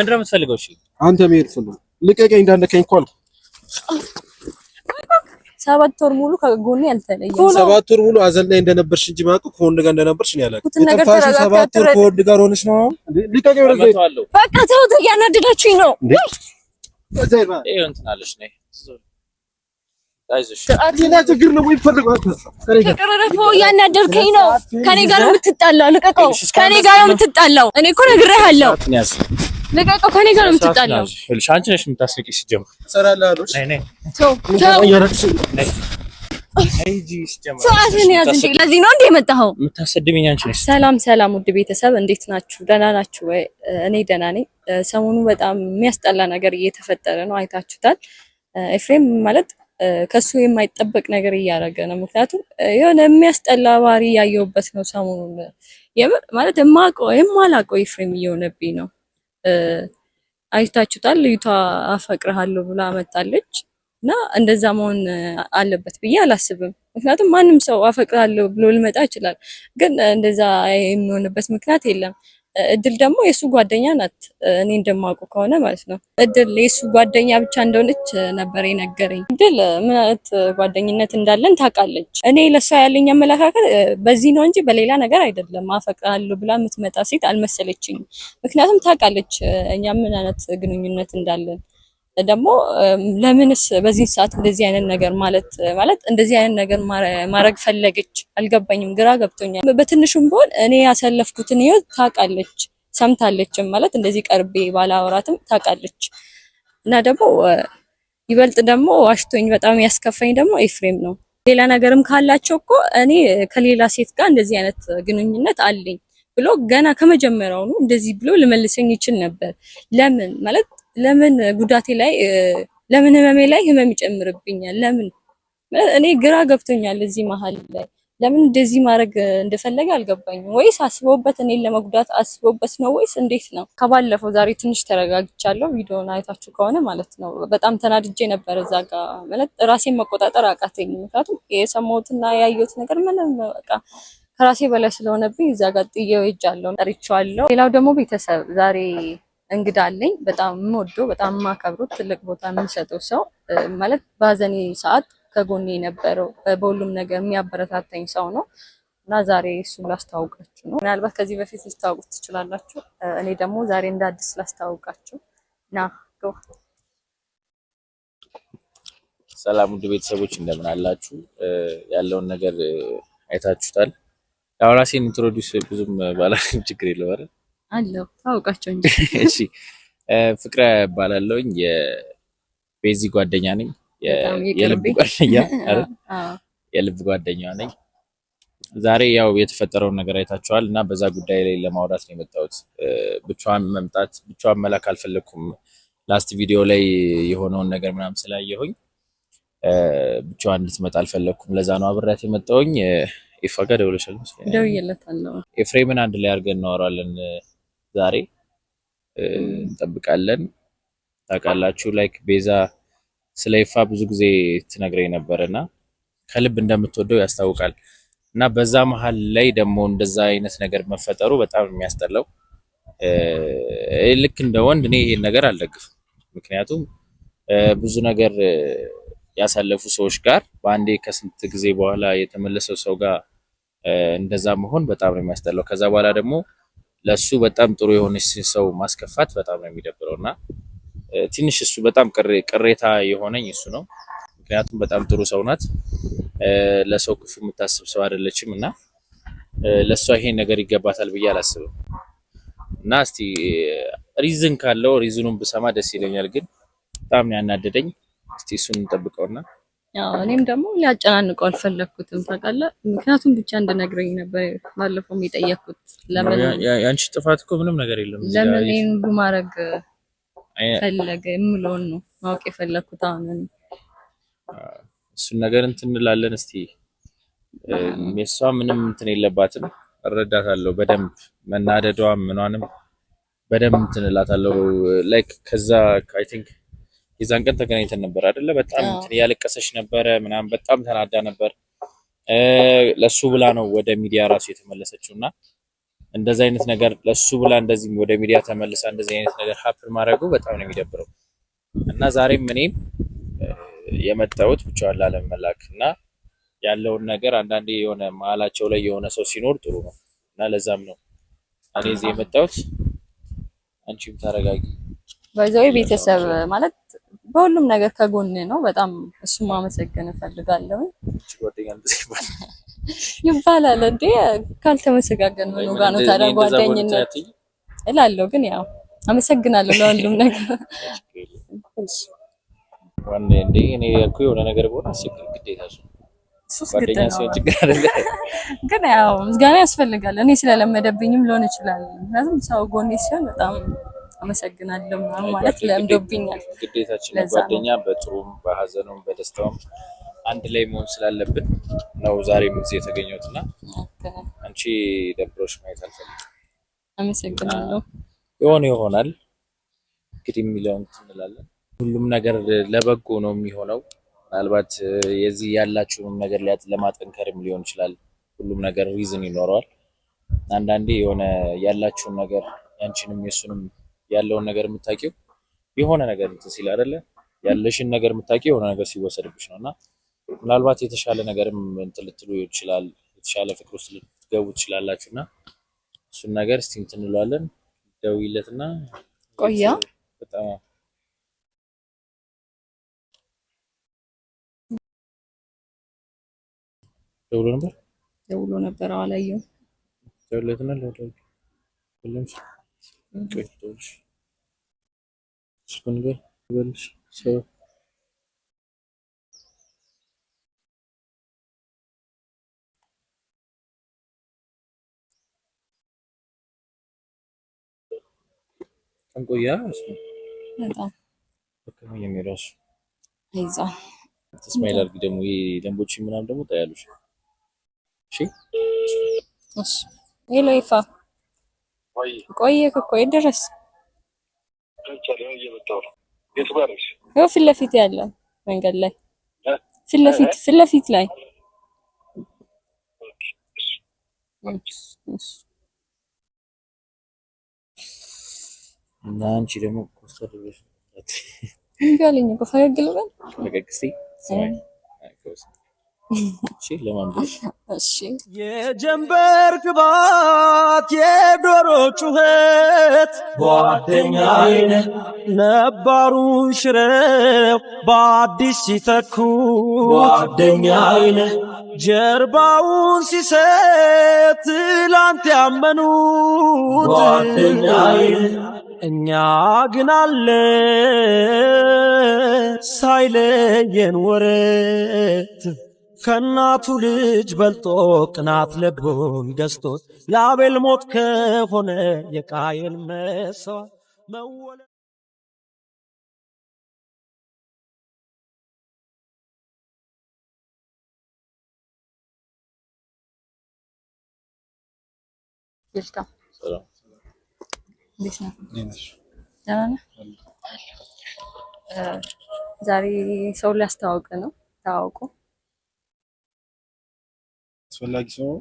ምንድን ነው የምትፈልገው? እሺ አንተ መሄድ ፍሉ ልቀቀኝ፣ እንዳነከኝ እኮ አልኩህ። ሰባት ወር ሙሉ ከጎኔ አልተለየም። ሰባት ወር ሙሉ ሐዘን ላይ እንደነበርሽ እንጂ ማቁ ከወንድ ጋር እንደነበርሽ ነው ያላውቅም። ሰባት ወር ከወንድ ጋር ሆነሽ ነው። ልቀቀኝ፣ ወደ እዛ ሂድ። በቃ ተውት፣ እያናደዳችሁኝ ነው። እያናደርከኝ ነው። ከኔ ጋር ነው የምትጣላው። ልቀቀው። ከኔ ጋር ነው የምትጣላው። እኔ እኮ ነግሬሃለሁ። ለቀቀ ከኔ ጋር ነው የምትጣላው። እልሽ አንቺ ነሽ የምታስቂኝ። ሲጀምር ለዚህ ነው እንደ የመጣኸው የምታሰድብኝ አንቺ ነሽ። ሰላም ሰላም፣ ውድ ቤተሰብ እንዴት ናችሁ? ደህና ናችሁ ወይ? እኔ ደህና ነኝ። ሰሞኑ በጣም የሚያስጠላ ነገር እየተፈጠረ ነው፣ አይታችሁታል። ኤፍሬም ማለት ከሱ የማይጠበቅ ነገር እያደረገ ነው። ምክንያቱም የሆነ የሚያስጠላ ባህሪ እያየሁበት ነው ሰሞኑን። የምር ማለት የማውቀው የማላውቀው ኤፍሬም እየሆነብኝ ነው አይታችሁታል። ልዩቷ አፈቅርሃለሁ ብላ መጣለች እና እንደዛ መሆን አለበት ብዬ አላስብም። ምክንያቱም ማንም ሰው አፈቅርሃለሁ ብሎ ልመጣ ይችላል፣ ግን እንደዛ የሚሆንበት ምክንያት የለም። እድል ደግሞ የእሱ ጓደኛ ናት። እኔ እንደማውቁ ከሆነ ማለት ነው። እድል የእሱ ጓደኛ ብቻ እንደሆነች ነበር የነገረኝ። እድል ምን አይነት ጓደኝነት እንዳለን ታውቃለች። እኔ ለእሷ ያለኝ አመለካከት በዚህ ነው እንጂ በሌላ ነገር አይደለም። አፈቅራለሁ ብላ የምትመጣ ሴት አልመሰለችኝ። ምክንያቱም ታውቃለች እኛ ምን አይነት ግንኙነት እንዳለን ደግሞ ለምንስ በዚህ ሰዓት እንደዚህ አይነት ነገር ማለት ማለት እንደዚህ አይነት ነገር ማድረግ ፈለገች? አልገባኝም፣ ግራ ገብቶኛል። በትንሹም ቢሆን እኔ ያሳለፍኩትን ህይወት ታውቃለች፣ ሰምታለችም ማለት እንደዚህ ቀርቤ ባላወራትም ታውቃለች። እና ደግሞ ይበልጥ ደግሞ ዋሽቶኝ በጣም ያስከፋኝ ደግሞ ኤፍሬም ነው። ሌላ ነገርም ካላቸው እኮ እኔ ከሌላ ሴት ጋር እንደዚህ አይነት ግንኙነት አለኝ ብሎ ገና ከመጀመሪያውኑ እንደዚህ ብሎ ልመልሰኝ ይችል ነበር። ለምን ማለት ለምን ጉዳቴ ላይ ለምን ህመሜ ላይ ህመም ይጨምርብኛል? ለምን እኔ ግራ ገብቶኛል። እዚህ መሀል ላይ ለምን እንደዚህ ማድረግ እንደፈለገ አልገባኝም። ወይስ አስቦበት እኔን ለመጉዳት አስቦበት ነው ወይስ እንዴት ነው? ከባለፈው ዛሬ ትንሽ ተረጋግቻለሁ። ቪዲዮን አይታችሁ ከሆነ ማለት ነው በጣም ተናድጄ ነበር። እዛ ጋ ማለት ራሴን መቆጣጠር አቃተኝ። ምክንያቱም የሰማሁትና ያየሁት ነገር ምንም በቃ ከራሴ በላይ ስለሆነብኝ እዛ ጋር ጥዬው ሄጃለሁ፣ ሌላው ደግሞ ቤተሰብ ዛሬ እንግዳ አለኝ። በጣም የምወደው በጣም የማከብረው ትልቅ ቦታ የሚሰጠው ሰው ማለት በሀዘኔ ሰዓት ከጎኔ የነበረው በሁሉም ነገር የሚያበረታታኝ ሰው ነው እና ዛሬ እሱን ላስተዋውቃችሁ ነው። ምናልባት ከዚህ በፊት ልታውቁት ትችላላችሁ። እኔ ደግሞ ዛሬ እንደ አዲስ ላስተዋውቃችሁ ና ግባ። ሰላም ውድ ቤተሰቦች እንደምን አላችሁ? ያለውን ነገር አይታችሁታል። ያው ራሴን ኢንትሮዲውስ ብዙም ባላ ችግር የለውም አለው ታውቃቸው እንጂ። እሺ ፍቅረ እባላለሁኝ የቤዚ ጓደኛ ነኝ። የልብ ጓደኛ የልብ ጓደኛ ነኝ። ዛሬ ያው የተፈጠረውን ነገር አይታችኋል እና በዛ ጉዳይ ላይ ለማውራት ነው የመጣሁት። ብቻዋን መምጣት ብቻዋን መላክ አልፈለኩም። ላስት ቪዲዮ ላይ የሆነውን ነገር ምናምን ስላየሁኝ ብቻዋን እንድትመጣ አልፈለኩም። ለዛ ነው አብሬያት የመጣሁኝ። ኢፋ ጋር ደውለሻል? ደውዬለታለሁ። ኤፍሬምን አንድ ላይ አድርገን እናወራለን ዛሬ እንጠብቃለን። ታውቃላችሁ ላይክ ቤዛ ስለ ይፋ ብዙ ጊዜ ትነግረኝ ነበር እና ከልብ እንደምትወደው ያስታውቃል። እና በዛ መሀል ላይ ደግሞ እንደዛ አይነት ነገር መፈጠሩ በጣም የሚያስጠላው ልክ እንደ ወንድ እኔ ይሄን ነገር አልደግፍም። ምክንያቱም ብዙ ነገር ያሳለፉ ሰዎች ጋር በአንዴ ከስንት ጊዜ በኋላ የተመለሰው ሰው ጋር እንደዛ መሆን በጣም ነው የሚያስጠላው። ከዛ በኋላ ደግሞ ለሱ በጣም ጥሩ የሆነች ሰው ማስከፋት በጣም ነው የሚደብረው እና ትንሽ እሱ በጣም ቅሬታ የሆነኝ እሱ ነው። ምክንያቱም በጣም ጥሩ ሰው ናት፣ ለሰው ክፉ የምታስብ ሰው አይደለችም እና ለእሷ ይሄን ነገር ይገባታል ብዬ አላስብም። እና እስቲ ሪዝን ካለው ሪዝኑን ብሰማ ደስ ይለኛል። ግን በጣም ያናደደኝ። እስቲ እሱን እንጠብቀውና እኔም ደግሞ ሊያጨናንቀው አልፈለግኩትም ታውቃለህ። ምክንያቱም ብቻ እንድነግረኝ ነበር ባለፈውም የጠየቅኩት። ለምን የአንቺ ጥፋት እኮ ምንም ነገር የለም። ለምን ይህን ማድረግ ፈለገ የምለውን ነው ማወቅ የፈለግኩት። አሁን እሱን ነገር እንትን እንላለን። እስቲ የእሷ ምንም እንትን የለባትም። እረዳታለሁ በደንብ መናደዷ ምኗንም በደንብ እንትን እላታለሁ። ላይክ ከዛ አይ ቲንክ የዛን ቀን ተገናኝተን ነበር አይደለ? በጣም ያለቀሰች ነበረ ምናምን፣ በጣም ተናዳ ነበር። ለሱ ብላ ነው ወደ ሚዲያ ራሱ የተመለሰችው እና እንደዚህ አይነት ነገር ለሱ ብላ እንደዚህ ወደ ሚዲያ ተመልሳ እንደዚህ አይነት ነገር ሀፕን ማድረጉ በጣም ነው የሚደብረው። እና ዛሬም እኔም የመጣሁት ብቻዋን ላለመላክ እና ያለውን ነገር አንዳንዴ የሆነ መሀላቸው ላይ የሆነ ሰው ሲኖር ጥሩ ነው እና ለዛም ነው እኔ እዚህ የመጣሁት። አንቺም ታረጋጊ። ባይዘዌ ቤተሰብ ማለት በሁሉም ነገር ከጎን ነው። በጣም እሱ ማመሰገን እፈልጋለሁ። ይባላል እንዴ ካልተመሰጋገን ምን ጋር ነው ታዲያ ጓደኝነት እላለሁ። ግን ያው አመሰግናለሁ ለሁሉም ነገር ዋን እንዴ እኔ እኮ የሆነ ነገር በሆነ አስቸግር ግዴታ እሱ ሱስ ግዴታ ሲሆን ግን ያው ምስጋና ያስፈልጋል። እኔ ስለለመደብኝም ሊሆን ይችላል። ምክንያቱም ሰው ጎኔ ሲሆን በጣም አመሰግናለሁ ማለት ለምዶብኛል። ግዴታችን ጓደኛ በጥሩም በሀዘኑም በደስታውም አንድ ላይ መሆን ስላለብን ነው ዛሬም እዚህ የተገኘሁት እና አንቺ ደብሮሽ ማየት አልፈልግም። አመሰግናለሁ። የሆነ ይሆናል እንግዲህ የሚለውን እንላለን። ሁሉም ነገር ለበጎ ነው የሚሆነው። ምናልባት የዚህ ያላችሁንም ነገር ለማጠንከርም ሊሆን ይችላል። ሁሉም ነገር ሪዝን ይኖረዋል። አንዳንዴ የሆነ ያላችሁን ነገር ያንቺንም የሱንም ያለውን ነገር የምታውቂው የሆነ ነገር እንትን ሲል አይደለ ያለሽን ነገር የምታውቂው የሆነ ነገር ሲወሰድብሽ ነው። እና ምናልባት የተሻለ ነገርም እንትን ልትሉ ይችላል። የተሻለ ፍቅር ውስጥ ልትገቡ ትችላላችሁ። እና እሱን ነገር እስቲ እንትን እንለዋለን። ደውይለት እና ቆያ በጣም ደውሎ ነበር ደውሎ ነበር አላየሁም። ደውሎለት ነው ለወደው ቆያ የሚራሱ ተስማ ይላል ደግሞ ይሄ ደንቦች ምናምን ደግሞ ታያለሽ። ሄሎ ይፋ ቆየህ እኮ የት ደረስ? ይኸው ፊት ለፊት ያለው መንገድ ላይ ፊት ለፊት ፊት ለፊት ላይ እና አንቺ ደግሞ ኮስተር ብለሽ ፈገግ ልበል የጀንበር ክባት የዶሮ ጩኸት ጓደኛ አይነት ነባሩን ሽረው በአዲስ ሲተኩ ጓደኛ ጀርባውን ሲሰጥ ትላንት ያመኑት ጓደኛ አይነት እኛ ግን አለ ሳይለየን ወረት ከእናቱ ልጅ በልጦ ቅናት ልቡን ገዝቶት ለአቤል ሞት ከሆነ የቃየል መሰዋ መወለ ዛሬ ሰው ሊያስተዋውቅ ነው። ታዋውቁ አስፈላጊ ሰው ነው።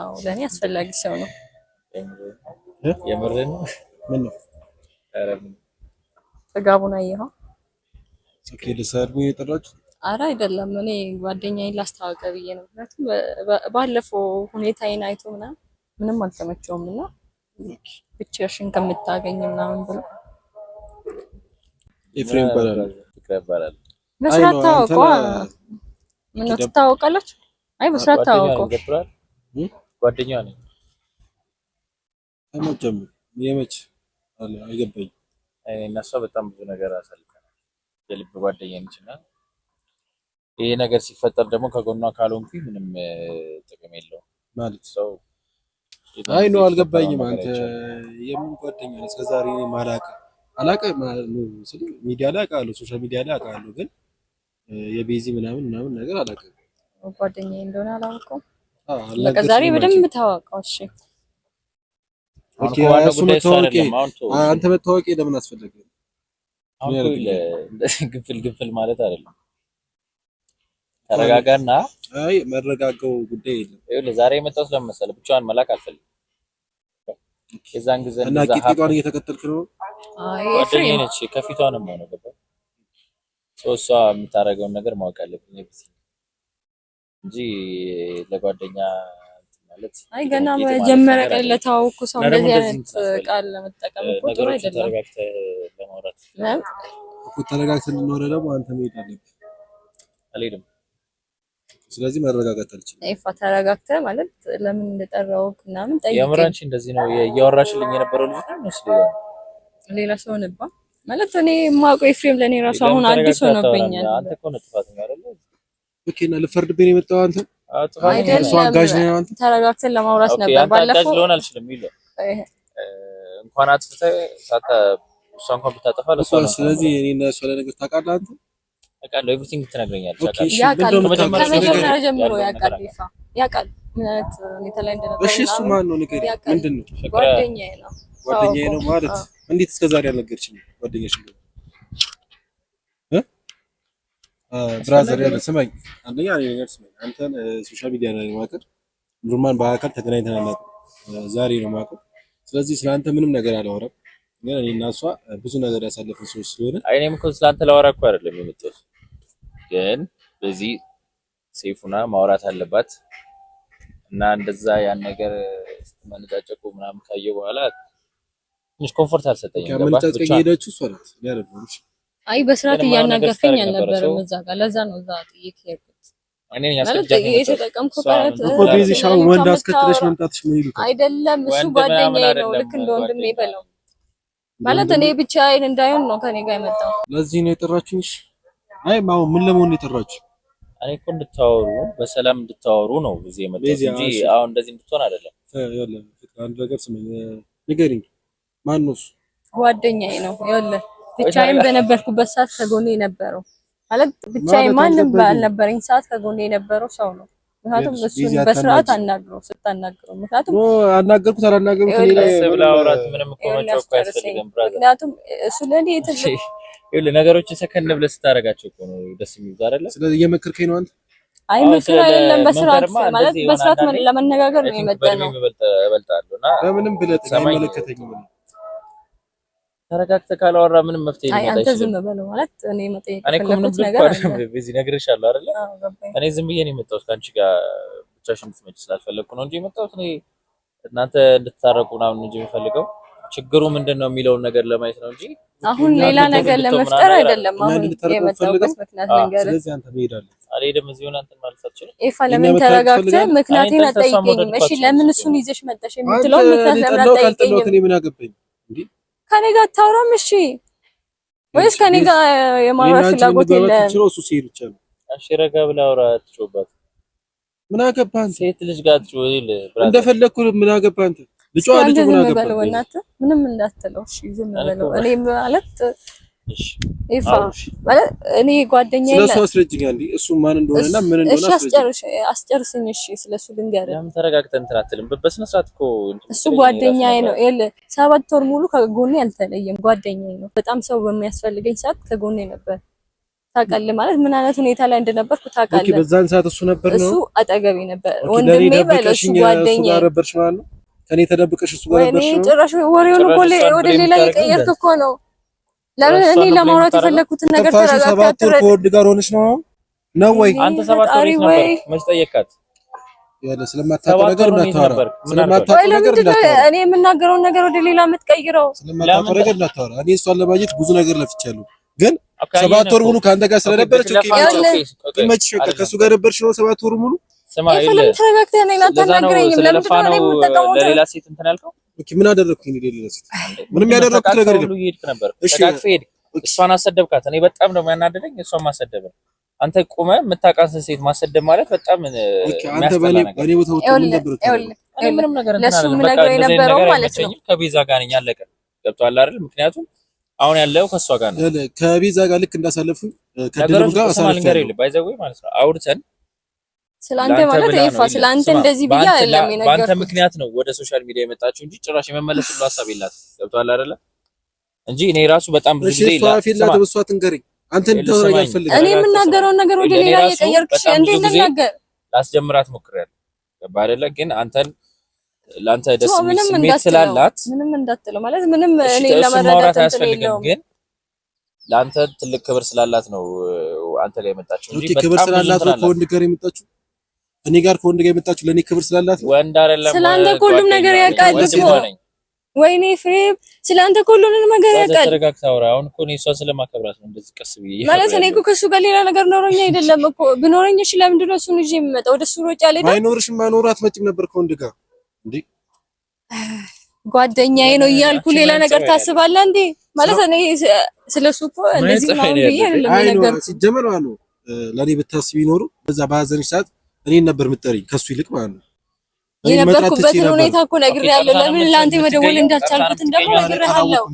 አዎ ለእኔ አስፈላጊ ሰው ነው። የምርን ምን ነው ጥጋቡን አየኸው? የጠራችሁ አረ አይደለም። እኔ ጓደኛዬን ላስተዋወቀ ብዬ ነው። ምክንያቱም ባለፈው ሁኔታዬን አይቶ ምናምን ምንም አልተመቸውም እና ብቻሽን ከምታገኝ ምናምን ብሎ ኤፍሬም ይባላል። ይባላል። መስራት ታወቀ። ምን ትታወቃላችሁ? አይ በስራት ታውቆ ጓደኛዋ ነኝ። አይመቸም የመች አይገባኝ። እና እሷ በጣም ብዙ ነገር አሳልፈናል። የልብ ጓደኛ ነች እና ይሄ ነገር ሲፈጠር ደግሞ ከጎኗ ካልሆንኩኝ ምንም ጥቅም የለውም ማለት ሰው አይ ነው አልገባኝም። አንተ የምን ጓደኛ ነህ? እስከዛሬ ማላቀ አላቀ ሚዲያ ላይ አውቃለሁ፣ ሶሻል ሚዲያ ላይ አውቃለሁ፣ ግን የቤዚ ምናምን ምናምን ነገር አላውቅም። ጓደኛ እንደሆነ አላወቀውም። በቃ ዛሬ በደንብ ታወቀው። እሺ አንተ መታወቂ ለምን አስፈለገ? ግንፍል ግንፍል ማለት አይደለም። ተረጋጋና። አይ መረጋጋው ጉዳይ የለም። ይኸውልህ ዛሬ የመጣው ስለመሰለህ ብቻዋን መላክ አልፈልግም። የዛን ጊዜ እና ቂጢቷን እየተከተልክ ነው። አይ ጓደኛዬ ነች፣ ከፊቷ ነው የምሆነው። ገባህ? እሷ የምታደርገውን ነገር ማወቅ አለብኝ። እንጂ ለጓደኛ ማለት አይ ገና መጀመሪያ ቀን ለታወኩ ሰው እንደዚህ አይነት ቃል ለመጠቀም እኮ ጥሩ አይደለም። ተረጋግተን እንድናወራ ደግሞ አንተ መሄድ አለብህ። አልሄድም። ስለዚህ መረጋጋት አልችልም። ይፋ ተረጋግተህ ማለት ለምን እንደጠራው ምናምን ጠይቅ። የምር አንቺ እንደዚህ ነው እያወራሽልኝ የነበረው ልጅ ነው ሌላ ሰው ነባ ማለት እኔ የማውቀው ኤፍሬም ለእኔ ራሱ አሁን አዲስ ሆኖብኛል። አንተ እኮ ነው ጥፋተኛ አይደለ ኦኬ እና ልፈርድብህ ነው የመጣው አንተ? አይደለም ተረጋግተን ለማውራት ነበር። ባለፈው ልሆን አልችልም ይለ እንኳን አጥፍተ ሳታ እሷ እንኳን ብታጠፋ ለሷ ነው። ስለዚህ እኔ እና እሷ ለነገር ታውቃለህ አንተ ያውቃል፣ ኤቭሪቲንግ ትነግረኛለህ። ያውቃል ከመጀመሪያ ጀምሮ ያውቃል፣ ይፋ ያውቃል። እሺ እሱ ማን ነው ምንድን ነው ጓደኛዬ ነው ጓደኛዬ ነው ማለት እንዴት እስከ ዛሬ አልነገርሽኝም? ጓደኛሽ ነው ብራዘር ያለ ስመኝ አንደኛ ነገር ስመኝ አንተን ሶሻል ሚዲያ ላይ ማቀር ኑርማን በአካል ተገናኝተን አናውቅም፣ ዛሬ ነው ማቀር። ስለዚህ ስለአንተ ምንም ነገር አላወራም፣ ግን እኔ እና እሷ ብዙ ነገር ያሳለፍን ሰዎች ስለሆነ እኔም እኮ ስለአንተ ላወራ እኮ አይደለም የመጣሁት፣ ግን በዚህ ሴፉና ማውራት አለባት እና እንደዛ ያን ነገር ስትመነጫጨቁ ምናምን ካየሁ በኋላ ትንሽ ኮንፎርት አልሰጠኝም። ከምንጫጨቅ የሄደችው እሷ ናት፣ እኔ አይ በስርዓት እያናገርከኝ አልነበረም እዛ ጋር። ለዛ ነው እዛ ጥይቅ ሄድኩት። ወንድ አስከትለሽ መምጣትሽ ምን ይሉት አይደለም። እሱ ጓደኛዬ ነው፣ ልክ እንደ ወንድሜ በለው ማለት እኔ ብቻዬን እንዳይሆን ነው ከኔ ጋር የመጣው። ለዚህ ነው የጠራችሁሽ? አይ ማው ምን ለመሆን ነው የጠራችሁ? እኔ እኮ እንድታወሩ በሰላም እንድታወሩ ነው እዚህ የመጣሁት እንጂ አሁን እንደዚህ እንድትሆን አይደለም። አንድ ነገር ስም ንገሪኝ። ማን ነው እሱ? ጓደኛዬ ነው ያለ ብቻዬን በነበርኩበት ሰዓት ከጎኔ የነበረው ማለት ብቻዬን ማንም ባልነበረኝ ሰዓት ከጎኔ የነበረው ሰው ነው። ምክንያቱም እሱን በስርዓት አናግረው ስታናግረው፣ ምክንያቱም አናገርኩት አላናገርኩት ምክንያቱም እሱ ለእኔ ነገሮችን ሰከን ብለህ ስታደርጋቸው እኮ ነው ደስ የሚሉት አይደለ? ስለዚህ እየመከርከኝ ነው አንተ። አይ ምክር አይደለም፣ በስርዓት ማለት በስርዓት ለመነጋገር ነው የመጣነው። በምንም ብለህ አይመለከተኝም ተረጋግተህ ካላወራ ምንም መፍትሄ ሊመጣ ይችላል። አንተ ዝም በለው ማለት እኔ መጠየቅ የፈለኩት ነገር አለ። በዚህ ነግሬሻለሁ አይደለ? እኔ ዝም ብዬ ነው የመጣሁት ከአንቺ ጋር ብቻሽን ልትመጪ ስላልፈለኩ ነው እንጂ የመጣሁት እኔ እናንተ እንድትታረቁ ምናምን እንጂ የምፈልገው ችግሩ ምንድን ነው የሚለውን ነገር ለማየት ነው እንጂ አሁን ሌላ ነገር ለመፍጠር አይደለም። አሁን የመጣሁበት ምክንያት ነገር ስለዚህ አንተ ትሄዳለህ አልሄድም። እዚህ ሆነ እንትን ማለት አትችልም። ኤፋ ለምን ተረጋግተህ ምክንያቴን አጠይቀኝም። እሺ ለምን እሱን ይዘሽ መጣሽ የምትለው ምክንያት ለምን አጠይቀኝም። እኔ ምን አገባኝ እንዴ ከኔ ጋር አታወራም? እሺ ወይስ ከኔ ጋር የማውራት ፍላጎት የለም? እሱ ሲሄድ ብቻ ነው። እሺ ረጋ ብላ አውራ። አትጮባት። ምን አገባህ አንተ? ሴት ልጅ ጋር እንደፈለግኩ ምን አገባህ አንተ? ልጇ ልጅ ምን አገባህ? ምንም እንዳትለው እሺ፣ ዝም በለው። እኔ ማለት ይፋ ማለት እኔ ጓደኛዬ ስለሱ አስረጅኝ አንዴ፣ እሱ ማን ምን እንደሆነ አስረጅኝ። አስጨርስኝ። እሺ፣ ስለሱ እንትን አትልም? በስነ ስርዓት እኮ እሱ ጓደኛዬ ነው። ሰባት ወር ሙሉ ከጎኔ አልተለየም። ጓደኛዬ ነው። በጣም ሰው በሚያስፈልገኝ ሰዓት ከጎኔ ነበር። ታውቃለህ ማለት ምን አይነት ሁኔታ ላይ እንደነበርኩ ታውቃለህ። ኦኬ፣ በዛን ሰዓት እሱ ነበር ነው። እሱ አጠገቤ ነበር። ወንድሜ ጓደኛዬ ነው። ከኔ ተደብቀሽ እሱ ጋር ነበርሽ። ጭራሽ ወሬውን እኮ ወደ ሌላ የቀየርክ እኮ ነው ለምን እኔ ለማውራት የፈለኩትን ነገር ተረጋግተሽ ከወድ ጋር ሆነሽ ነው ነው ወይ አንተ ሰባት ወር ነበር መች ጠየቃት? ያለ ስለማታውቀው ነገር እንዳታወራ ስለማታውቀው ነገር እንዳታወራ እኔ የምናገረውን ነገር ወደ ሌላ የምትቀይረው ስለማታውቀው ነገር እንዳታወራ። እኔ እሷን ለማግኘት ብዙ ነገር ለፍቻለሁ፣ ግን ሰባት ወር ሙሉ ከአንተ ጋር ስለነበረች ኦኬ ይመችሽ። በቃ ከእሱ ጋር ነበርሽ ነው ሰባት ወር ሙሉ። ስማ ይለ ተረጋግተህ ነኝ አታናግረኝም። ነው ለሌላ ሴት እንትን ያልከው ኦኬ፣ ምን አደረግኩኝ? እኔ ሌሊት ምንም ያደረግኩት ነገር የለም። እየሄድክ ነበር፣ ተቃቅፈህ ሄድክ። እሷን አሰደብካት። እኔ በጣም ነው ያናደደኝ፣ እሷን ማሰደብ። አንተ ቁመህ የምታውቃትን ሴት ማሰደብ ማለት በጣም ምንም ነገር ከቤዛ ጋር ነኝ፣ አለቀ። ገብቶሃል አይደል? ምክንያቱም አሁን ያለው ከእሷ ጋር ነው። ከቤዛ ጋር ልክ እንዳሳለፉ ከደረብ ጋር ባይዘው ማለት ነው አውርተን ስለአንተ ማለት ይፋ ስለአንተ እንደዚህ ብዬ አይደለም የነገርኩት። በአንተ ምክንያት ነው ወደ ሶሻል ሚዲያ የመጣችው እንጂ ጭራሽ የመመለስ ሁሉ ሀሳብ የላት። ገብቶሃል አይደለ? እንጂ እኔ ራሱ በጣም ብዙ ጊዜ ይላል ተብሷት አንተ እኔ የምናገረውን ነገር ወደ ሌላ እየቀየርክ እንዴት ልናገር? ላስጀምራት ሞክሬያለሁ። ገባ አይደለ? ግን አንተን ለአንተ ደስ የሚል ስሜት ስላላት ምንም እንዳትለው ማለት ምንም እኔ ለመረዳት አያስፈልግም ግን ለአንተ ትልቅ ክብር ስላላት ነው አንተ ላይ የመጣችው እንጂ በጣም ክብር ስላላት ነው ከወንድ ጋር የመጣችው እኔ ጋር ከወንድ ጋር የመጣችሁ ለእኔ ክብር ስላላት ወንድ አይደለም። ስለአንተ እኮ ሁሉም ነገር ያውቃል እኮ ወይኔ ፍሬ ስለአንተ እኮ ነገር ያውቃል። ተረጋግተህ አውራ። አሁን እኮ እኔ እሷን ስለማከብራት ነው እንደዚህ ቀስ ብዬ ማለት እኔ እኮ ከእሱ ጋር ሌላ ነገር ኖሮኝ አይደለም እኮ ብኖረኝ፣ እሺ ለምንድን ነው እሱን ይዤ የምመጣው? ወደ እሱ ሮጬ አልሄድም። አይኖርሽም፣ አይኖር አትመጪም ነበር ከወንድ ጋር እንዴ። ጓደኛዬ ነው እያልኩ ሌላ ነገር ታስባለህ እንዴ? ማለት እኔ ስለሱ እኮ እንደዚህ ነው ብዬ አይደለም ነገር ሲጀመር አሉ ለእኔ ብታስቢ ኖሩ በዛ በሀዘንሽ ሰዓት እኔን ነበር የምትጠሪኝ ከሱ ይልቅ ማለት ነው። የነበርኩበትን ሁኔታ እኮ ነግሬሃለሁ። ለምን ለአንተ መደወል እንዳልቻልኩትን ደግሞ ነግሬሃለሁ።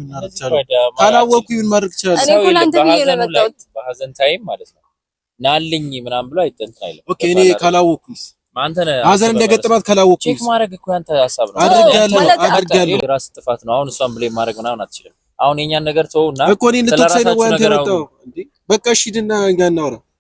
ካላወቅኩ ይሁን ማድረግ ይችላል። እኔ እኮ ለአንተ ብዬ ነው የመጣሁት። በሀዘን ታይም ማለት ነው ናልኝ ምናምን ብሎ አይጠንት አይልም። ኦኬ እኔ ካላወቅኩስ ሀዘን እንደገጠማት ካላወቅኩ ቼክ ማድረግ እኮ ያንተ ሀሳብ ነው። አድርጋለሁ አድርጋለሁ። የራስ ጥፋት ነው። አሁን እሷን ብሌም ማድረግ ምናምን አትችልም። አሁን የኛን ነገር ተወውና እኮ እኔ ልትወቅሰኝ ነው ወይ አንተ የመጣው? በቃ እሺ ድና እኛ እናውራ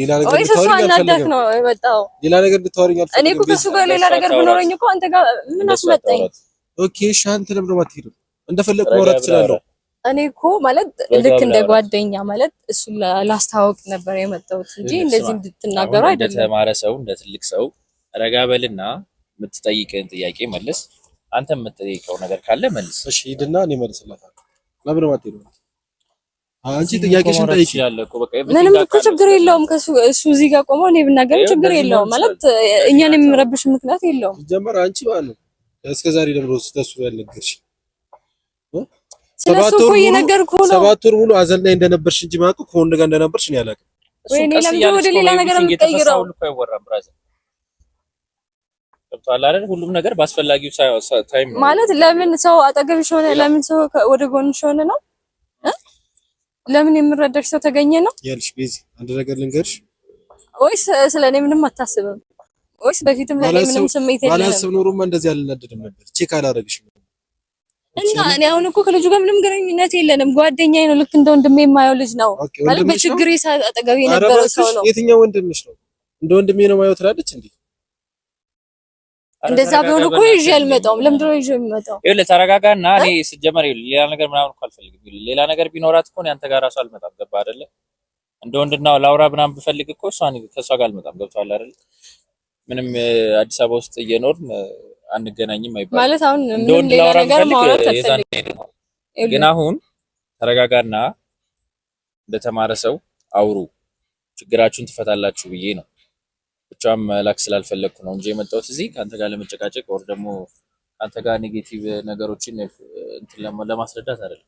ሌላ ነገር ብታወሪኝ አልፈልግም። እኔ እኮ ከእሱ ጋር ሌላ ነገር ብኖረኝ እኮ አንተ ጋር ምን አስመጣኝ? ኦኬ እሺ፣ አንተ ለምን ማውራት እችላለሁ። እኔ እኮ ማለት ልክ እንደ ጓደኛ ማለት እሱ ላስታወቅ ነበር የመጣሁት እንጂ እንደዚህ እንድትናገሩ አይደለም። ሰው እንደ ትልቅ ሰው ረጋ በልና የምትጠይቅህን ጥያቄ መልስ። አንተ የምትጠይቀው ነገር ካለ መልስ። እሺ፣ ሂድና እኔ መልስላታለሁ። ለምን አንቺ ጥያቄሽን ጠይቂ። ምንም እኮ ችግር የለውም። ከሱ እሱ እዚህ ጋር ቆሞ እኔ ብናገር ችግር የለውም ማለት እኛን የምረብሽ ምክንያት የለውም። ጀመር አንቺ ማለት እስከ ዛሬ ለምሮ ስለሱ ያልነገርሽ ስለሱ እኮ እየነገርኩህ ነው። ሰባት ወር ሙሉ ሀዘን ላይ እንደነበርሽ እንጂ ማቁ ከወንድ ጋር እንደነበርሽ እኔ አላውቅም። ወይ እኔ ለምን ወደ ሌላ ነገር የምትቀይረው ገብቷል አይደል? ሁሉም ነገር ባስፈላጊው ታይም ማለት ለምን ሰው አጠገብሽ ሆነ ለምን ሰው ወደ ጎንሽ ሆነ ነው ለምን የምረዳሽ ሰው ተገኘ ነው ያልሽ? ቤዚ አንድ ነገር ልንገርሽ፣ ወይስ ስለ እኔ ምንም አታስብም? ወይስ በፊትም ለኔ ምንም ስሜት የለም? ባላስብ ኖሮማ እንደዚህ አልናደድም ነበር። ቼክ አላደረግሽም እና እኔ አሁን እኮ ከልጁ ጋር ምንም ግንኙነት የለንም። ጓደኛዬ ነው፣ ልክ እንደ ወንድሜ የማየው ልጅ ነው ማለት በችግሬ አጠገቤ የነበረው ሰው ነው። የትኛው ወንድምሽ ነው? እንደ ወንድሜ ነው የማየው ትላለች እንዴ? እንደዛ ቢሆን እኮ ይዤ አልመጣሁም። ለምንድን ነው ይዤ የምመጣው? ይኸውልህ እና እኔ ስትጀመር ይኸውልህ ሌላ ነገር ምናምን እኮ አልፈልግም። ይኸውልህ ሌላ ነገር ቢኖራት እኮ እኔ አንተ ጋር እራሱ አልመጣም። ገባህ አይደለ? እንደ ወንድና ላውራ ምናምን ብፈልግ እኮ እሷን ከእሷ ጋር አልመጣም። ገብቶሃል አይደለ? ምንም አዲስ አበባ ውስጥ እየኖርን አንገናኝም አይባልም ማለት አሁን ሌላ ነገር ማውራት ብፈልግ ግን አሁን ተረጋጋና፣ እንደተማረ ሰው አውሩ፣ ችግራችሁን ትፈታላችሁ ብዬ ነው ብቻም መላክ ስላልፈለግኩ ነው እንጂ የመጣሁት እዚህ ከአንተ ጋር ለመጨቃጨቅ ወር ደግሞ አንተ ጋር ኔጌቲቭ ነገሮችን ለማስረዳት አይደለም።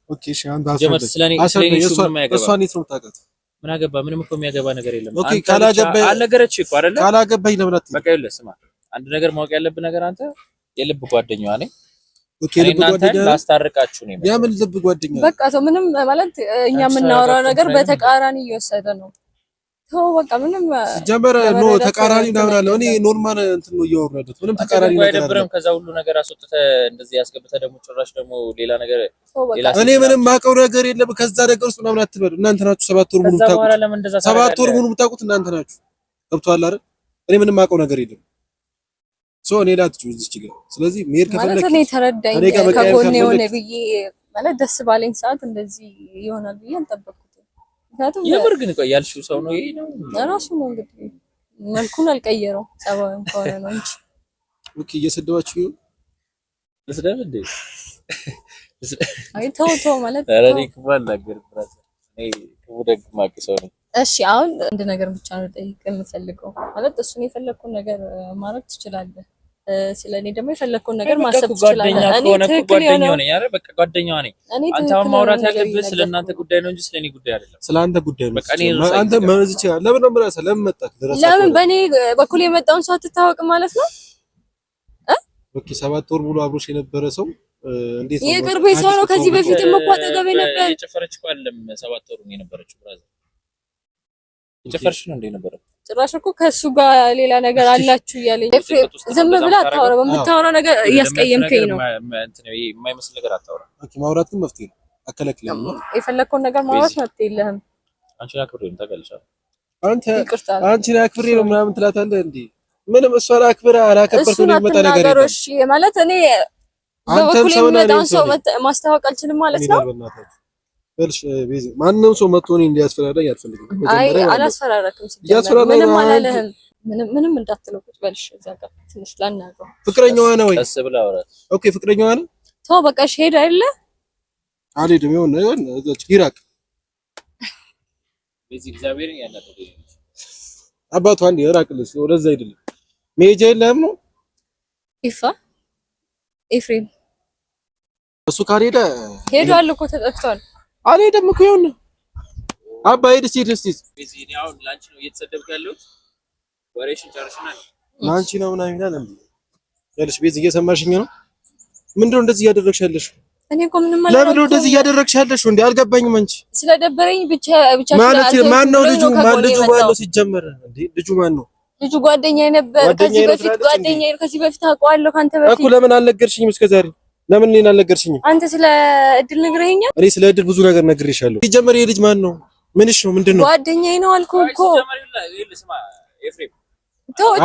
ምን አገባ? ምንም እኮ የሚያገባ ነገር የለም። አልነገረችህ እኮ አይደለ? ካላገባኝ ለምን አትይም? በቃ ይኸውልህ፣ ስማ፣ አንድ ነገር ማወቅ ያለብህ ነገር አንተ የልብ ጓደኛዋ ነኝ ላስታርቃችሁ ነው። የምን ልብ ጓደኛ? በቃ ሰው ምንም ማለት እኛ የምናወራው ነገር በተቃራኒ እየወሰደ ነው ተው በቃ ምንም ጀመረ ኖ ተቃራኒ ምናምን አለ። እኔ ኖርማል እንትን ነው እያወራሁት ምንም ተቃራኒ ነው አይደብርም። ከዛ ሁሉ ነገር አስወጥተ እንደዚህ ያስገብተህ ደግሞ ጭራሽ ደግሞ ሌላ ነገር እኔ ምንም ማቀው ነገር የለም ከዛ ነገር ውስጥ ምናምን አትበሉ። እናንተ ናችሁ ሰባት ወር ሙሉ የምታውቁት፣ ሰባት ወር ሙሉ የምታውቁት እናንተ ናችሁ። ገብቷል አይደል? እኔ ምንም ማቀው ነገር የለም። ሶ እኔ ላትችሁ እዚህ ችግር ስለዚህ መሄድ ከፈለክ እኔ ተረዳኝ። ከጎን የሆነ ብዬ ማለት ደስ ባለኝ ሰዓት እንደዚህ ይሆናል ብዬ አልጠበቅኩም። የምር ግን ቆይ ያልሽው ሰው ነው ይሄ ነው ራሱ ነው እንግዲህ መልኩን አልቀየረው ጸባዩን ከሆነ ነው እንጂ ኦኬ እየሰደባችሁ ይሁን ልስደብ እንዴ አይ ተው ተው ማለት ኧረ እኔ ክፉ አልናገርም እራሱ እኔ ክፉ ደግ ማቅ ሰው ነው እሺ አሁን አንድ ነገር ብቻ ነው ጠይቅ የምፈልገው ማለት እሱን የፈለግኩን ነገር ማድረግ ትችላለህ ስለኔ ደግሞ የፈለግከውን ነገር ማሰብ ትችላለህ። ጓደኛው ነኝ አንተ ማውራት ያለብህ ስለ እናንተ ጉዳይ ነው እንጂ ስለ እኔ ጉዳይ አይደለም። ስለ አንተ ጉዳይ ነው። አንተ ይችላል። ለምን ነው ምራሰ? ለምን ለምን በእኔ በኩል የመጣውን ሰው አትታወቅ ማለት ነው? ኦኬ፣ ሰባት ወር ሙሉ አብሮሽ የነበረ ሰው እንዴት ነው? ሰው ነው። ከዚህ በፊት ነበር። የጨፈረች እኮ አይደለም ሰባት ወር የነበረችው ብራዘር፣ የጨፈረች ነው እንደ ነበረው ጭራሽ እኮ ከሱ ጋር ሌላ ነገር አላችሁ እያለኝ ዝም ብላ አታወራ። በምታወራው ነገር እያስቀየምከኝ ነው። የማይመስል ነገር አታወራ። ማውራትም ማውራት ግን መፍትሄ ነው። አከለክለም የፈለግከውን ነገር ማውራት መፍትሄ የለህም። አንቺን አክብሬ ነው ታውቃለሽ። አንተ አንቺን አክብሬ ነው ምናምን ትላታለህ እንዴ? ምንም እሷን አክብሬ አላከበርኩም የሚመጣ ነገር የለም። እሺ ማለት እኔ በበኩሌ የሚመጣውን ሰው ማስታወቅ አልችልም ማለት ነው። በልሽ ቤዛ ማንም ሰው መጥቶ እኔ እንዲያስፈራራኝ አልፈልግም። አይ አላስፈራራክም። ሲጀመር ምንም አላለህም። ምንም እንዳትለው ቁጭ በልሽ። እዛ ጋር ትንሽ ላናግረው። ፍቅረኛዋ ነው ወይ? ቀስ ብላ አውራት። ኦኬ ፍቅረኛዋ ነው። ተው በቃ እሺ። ሄድ አይደለ አልሄድም። ይሁን፣ እዛች ይራቅ። ቤዛ እግዚአብሔርን ያናቀው አባቱ አንድ ይራቅልሽ። ወደዛ አይደለም መሄጃ የለህም ነው ይፋ ኤፍሬም እሱ ካልሄደ ሄዷል እኮ ተጠፍቷል። አልሄድም እኮ ይሁን አባ ሂድ እስኪ ሂድ እስኪ ነው ላንቺ ነው እየተሰደብክ ያለሁት። ወሬሽን ጨርሽናል። ላንቺ ነው ምናምን ይላል እንዴ ያለሽ እየሰማሽኝ ነው? ምንድነው እንደዚህ እያደረግሽ ያለሽ? እኔ እኮ ምንም ማለት ለምን እንደዚህ እያደረግሽ ያለሽ እንዴ አልገባኝም። አንቺ ስለደበረኝ ብቻ ብቻ ማለት ማን ነው ልጁ? ማን ልጁ ባለው ሲጀመር እንዴ ልጁ ማን ነው ልጁ? ጓደኛዬ ነበር ከዚህ በፊት ጓደኛዬ ከዚህ በፊት አውቀዋለሁ። ካንተ በፊት እኮ ለምን አልነገርሽኝም እስከዛሬ ለምን እኔን አልነገርሽኝም? አንተ ስለ እድል ነግረኸኛል። እኔ ስለ እድል ብዙ ነገር ነግሬሻለሁ። ሲጀመር የልጅ ማን ነው? ምንሽ ነው? ምንድን ነው? ጓደኛዬ ነው አልኩህ እኮ።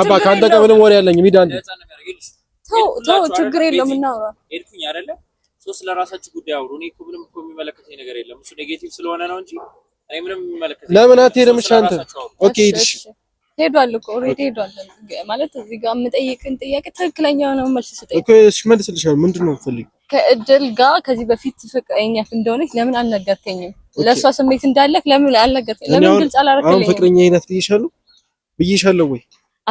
አባ ከአንተ ጋር ምንም ወሬ ያለኝ ሂድ አንተ። ተው ተው፣ ችግር የለውም እናውራ። ሄድኩኝ አይደለ? ጉዳይ አውሩ። እኔ እኮ ምንም እኮ የሚመለከተኝ ነገር የለም። እሱ ኔጌቲቭ ስለሆነ ነው እንጂ እኔ ምንም የሚመለከተኝ ለምን አትሄድም? እሺ አንተ ኦኬ፣ ሂድ እሺ ሄዷል እኮ ኦልሬዲ ሄዷል። ማለት እዚህ ጋር የምጠይቅን ጥያቄ ትክክለኛ ነው መልስ ስጠይቅ እሺ፣ መልስልሻለሁ። ምንድን ነው የምትፈልጊው? ከእድል ጋር ከዚህ በፊት ፍቅረኛ እንደሆነች ለምን አልነገርከኝም? ለእሷ ስሜት እንዳለህ ለምን አልነገርከኝም? ለምን ግልጽ አላደረክልኝም? አሁን ፍቅረኛ ይናት ብዬሻለሁ ብዬሻለሁ ወይ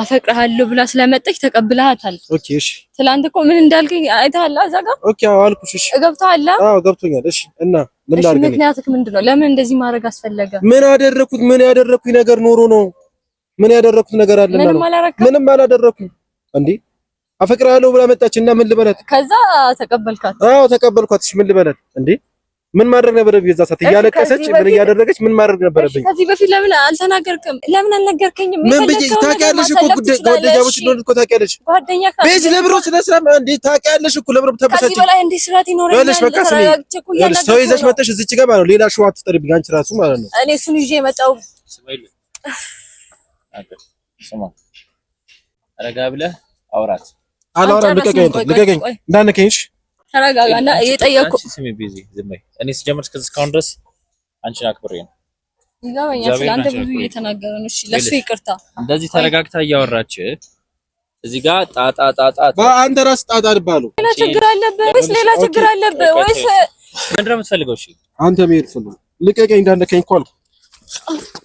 አፈቅርሃለሁ ብላ ስለመጣች ተቀብለሃታል። ኦኬ እሺ። ትላንት እኮ ምን እንዳልከኝ አይተሃል እዛ ጋር። ኦኬ አዎ አልኩሽ። እሺ ገብቶሃል? አዎ ገብቶኛል። እሺ እና ምን ላድርግ? ምክንያትህ ምንድን ነው? ለምን እንደዚህ ማድረግ አስፈለገ? ምን አደረኩት? ምን ያደረኩኝ ነገር ኖሮ ነው ምን ያደረኩት ነገር አለና ነው? ምንም አላደረኩም እንዴ አፈቅራለሁ ብላ መጣች እና ምን ልበለት? ከዛ ተቀበልካት? አዎ ተቀበልኳት። እሺ ምን ልበለት? እንዴ? ምን ማድረግ ነበረብኝ? የዛ ሰዓት እያለቀሰች ምን እያደረገች ምን ማድረግ ነበረብኝ? ከዚህ በፊት ለምን አልተናገርክም? ለምን አልነገርከኝም? ምን ብዬ ታውቂያለሽ እኮ ጉዳይ ጓደኛሞች እንደሆነ እኮ ታውቂያለሽ። ጓደኛ ካለ ቤት ለብሮ ስለሰማ እንዴ ታውቂያለሽ እኮ ለብሮ ተበሳጭ። ከዚህ በላይ እንዴ ስራት ይኖረኛል። በለሽ በቃ ስሚ ያለሽ ሰው ይዘሽ መጥተሽ እዚህ ጋር ማለት ነው ሌላ ሸዋ ትጠሪብኝ አንቺ ራሱ ማለት ነው። እኔ እሱን ይዤ መጣሁ ስማ፣ ረጋ ብለህ አውራት። አላወራም። ልቀቀኝ፣ ልቀቀኝ፣ እንዳነከኝ። ተረጋጋና እየጠየኩ ስሚ፣ ቢዚ ዝም በይ። እኔ ስጀምር እስካሁን ድረስ አንቺን አክብሬ ነው። ይገባኛል። ስለአንተ ብዙ እየተናገረ ነው። እሺ፣ ለእሱ ይቅርታ። እንደዚህ ተረጋግታ እያወራች እዚህ ጋር ጣጣ ጣጣ በአንተ ራስ ጣጣ ልባሉ። ሌላ ችግር አለበት ወይስ ሌላ ችግር አለበት ወይስ ምንድን ነው የምትፈልገው? እሺ፣ አንተ ልቀቀኝ፣ እንዳነከኝ እኮ አልኩህ።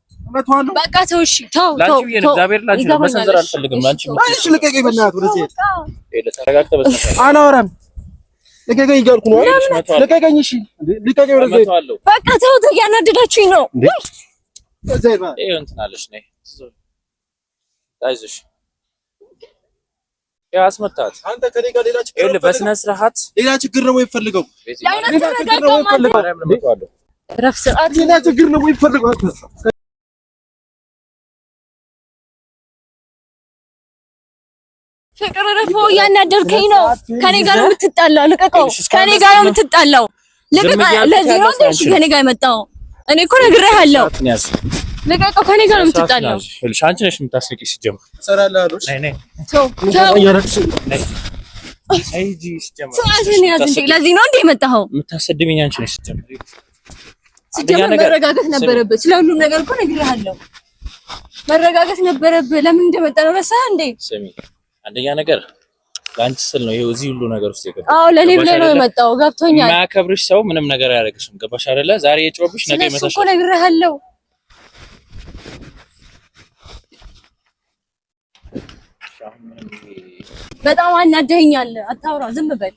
በቃ ተው፣ እሺ ተው፣ ተው። እግዚአብሔር ያስመታት በስነ ስርዓት ሌላ ችግር ነው የሚፈልገው። ሌላ ችግር ነው የሚፈልገው። ፍቅር ረፎ እያናደርከኝ ነው። ከኔ ጋር የምትጣላው ልቀቀው። ከኔ ጋር የምትጣላው ልቀቀው። ለዚህ ነው እንዴ ከኔ ጋር የመጣው? እኔ እኮ ነግሬሃለሁ። ልቀቀው። ከኔ ጋር የምትጣላው አንቺ ነሽ። የምታስነቂ ሲጀምር ለዚህ ነው እንዴ የመጣኸው? የምታሰድሚኝ አንቺ ነሽ። ሲጀምር መረጋጋት ነበረብህ። ስለሁሉም ነገር እኮ ነግሬሃለሁ። መረጋጋት ነበረብህ። ለምን እንደመጣ ነው ረሳህ እንዴ? አንደኛ ነገር ለአንቺ ስል ነው ይሄ እዚህ ሁሉ ነገር ውስጥ የገባው። አዎ ለኔ ብለህ ነው የመጣው። ገብቶኛል። የማያከብርሽ ሰው ምንም ነገር አያደርግሽም። ገባሽ አይደለ? ዛሬ የጮህብሽ ነገ ይመጣሽ እኮ ነግሬሃለሁ። በጣም አናደኸኛል። አታውራ፣ ዝም በል።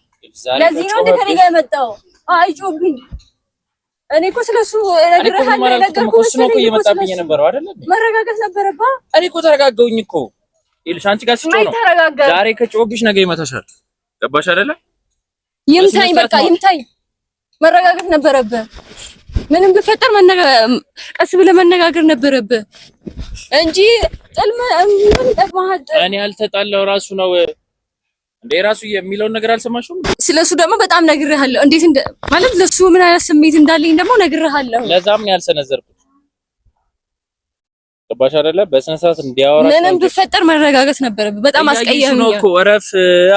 ለዚህ ነው እንደ ከኔ ጋር የመጣው። አይጮህብኝ እኔ እኮ ስለሱ ነግሬሃለሁ። ነገርኩህ። እሱ ነው እኮ እየመጣብኝ የነበረው አይደለ? መረጋጋት ነበረባ። እኔ እኮ ተረጋጋሁኝ እኮ ይልሽ አንቺ ጋር ሲጮህ ነው። ዛሬ ከጮህብሽ ነገ ይመታሻል። ገባሽ አይደለ? ይምታኝ፣ በቃ ይምታኝ። መረጋጋት ነበረብህ። ምንም ብፈጠር ቀስ ብለህ መነጋገር ነበረብህ እንጂ ጥልመ ምን ጠቅመሃል? እኔ ያልተጣለው ራሱ ነው እንዴ ራሱ የሚለውን ነገር አልሰማሽም? ስለሱ ደግሞ በጣም ነግሬሃለሁ። እንዴት ማለት ለሱ ምን አይነት ስሜት እንዳለኝ ደግሞ ነግሬሃለሁ። ለዛም ያልሰነዘርኩ ገባሽ አይደለ? በስነ ስርዓት እንዲያወራ ምንም ቢፈጠር መረጋጋት ነበረብህ። በጣም አስቀያሚ ነው እኮ እረፍ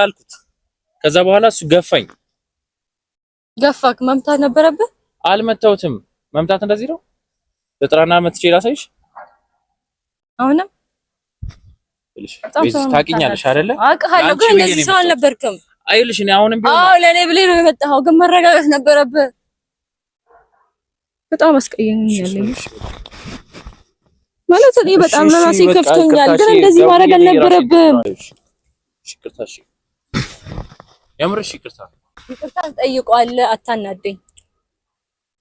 አልኩት። ከዛ በኋላ እሱ ገፋኝ። ገፋክ? መምታት ነበረብህ። አልመታሁትም። መምታት እንደዚህ ነው? ዘጠና መትቼ ላሳይሽ። አሁንም ልሽ ታውቂኛለሽ አይደለ? አውቅሃለሁ፣ ግን እንደዚህ ሰው አልነበርክም። አይልሽ እኔ አሁንም ቢሆን አዎ፣ ለኔ ብለህ ነው የመጣኸው፣ ግን መረጋጋት ነበረብህ። በጣም አስቀያሚ ነው ያለኝ ማለት እኔ በጣም ለራሴ ከፍቶኛል፣ ግን እንደዚህ ማድረግ አልነበረብም። ይቅርታ እሺ፣ የምርሽ ይቅርታ። ይቅርታ ትጠይቀዋለህ፣ አታናደኝ።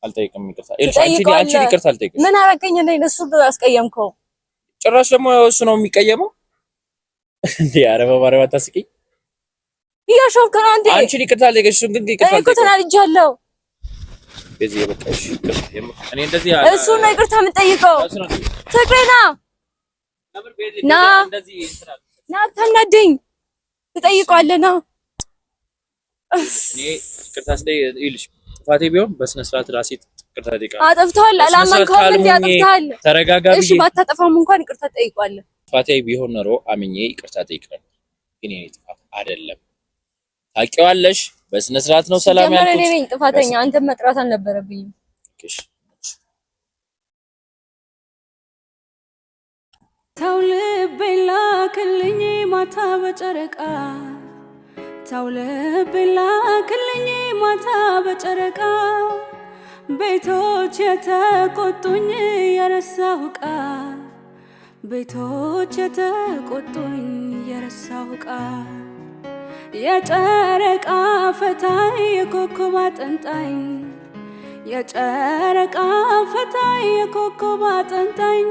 አልጠይቅም። ይቅርታ እልሽ። አንቺ ይቅርታ አልጠይቅም። ምን አደረገኝ? ላይ እሱ አስቀየምከው። ጭራሽ ደግሞ እሱ ነው የሚቀየመው እንዴ? ኧረ በማርያም አታስቂኝ። ይያሾፍከና እንዴ! አንቺ ይቅርታ አልጠይቅሽም፣ ግን ይቅርታ እኮ ተናድጃለሁ በዚህ የበቃሽ እኔ እንደዚህ እሱ ነው ይቅርታ የምጠይቀው። ትክሬና ና ና ና ታናደኝ ትጠይቀዋለህ። ና እኔ ይቅርታ ስለ ይልሽ ጥፋቴ ቢሆን በስነ ስርዓት ራሴ ይቅርታ ጠይቃለሁ። አጠፍተዋል፣ አላመንከውም እንዴ? አጠፍተሃል። ተረጋጋ እሺ፣ ባታጠፋም እንኳን ይቅርታ ጠይቀዋለሁ። ጥፋቴ ቢሆን ኖሮ አምኜ ይቅርታ ጠይቃለሁ። ግን የኔ ጥፋት አይደለም ታውቂዋለሽ። በስነ ስርዓት ነው ሰላም ያልኩት። እኔ ነኝ ጥፋተኛ፣ አንተ መጥራት አልነበረብኝም። እሺ ተው ልቤን ላክልኝ ማታ በጨረቃ ተው ልቤን ላክልኝ ማታ በጨረቃ ቤቶች የተቆጡኝ የረሳሁ ቤቶች የተቆጡኝ የረሳው ቃ። የጨረቃ ፈታይ የኮከብ አጠንጣኝ የጨረቃ ፈታይ የኮከብ አጠንጣኝ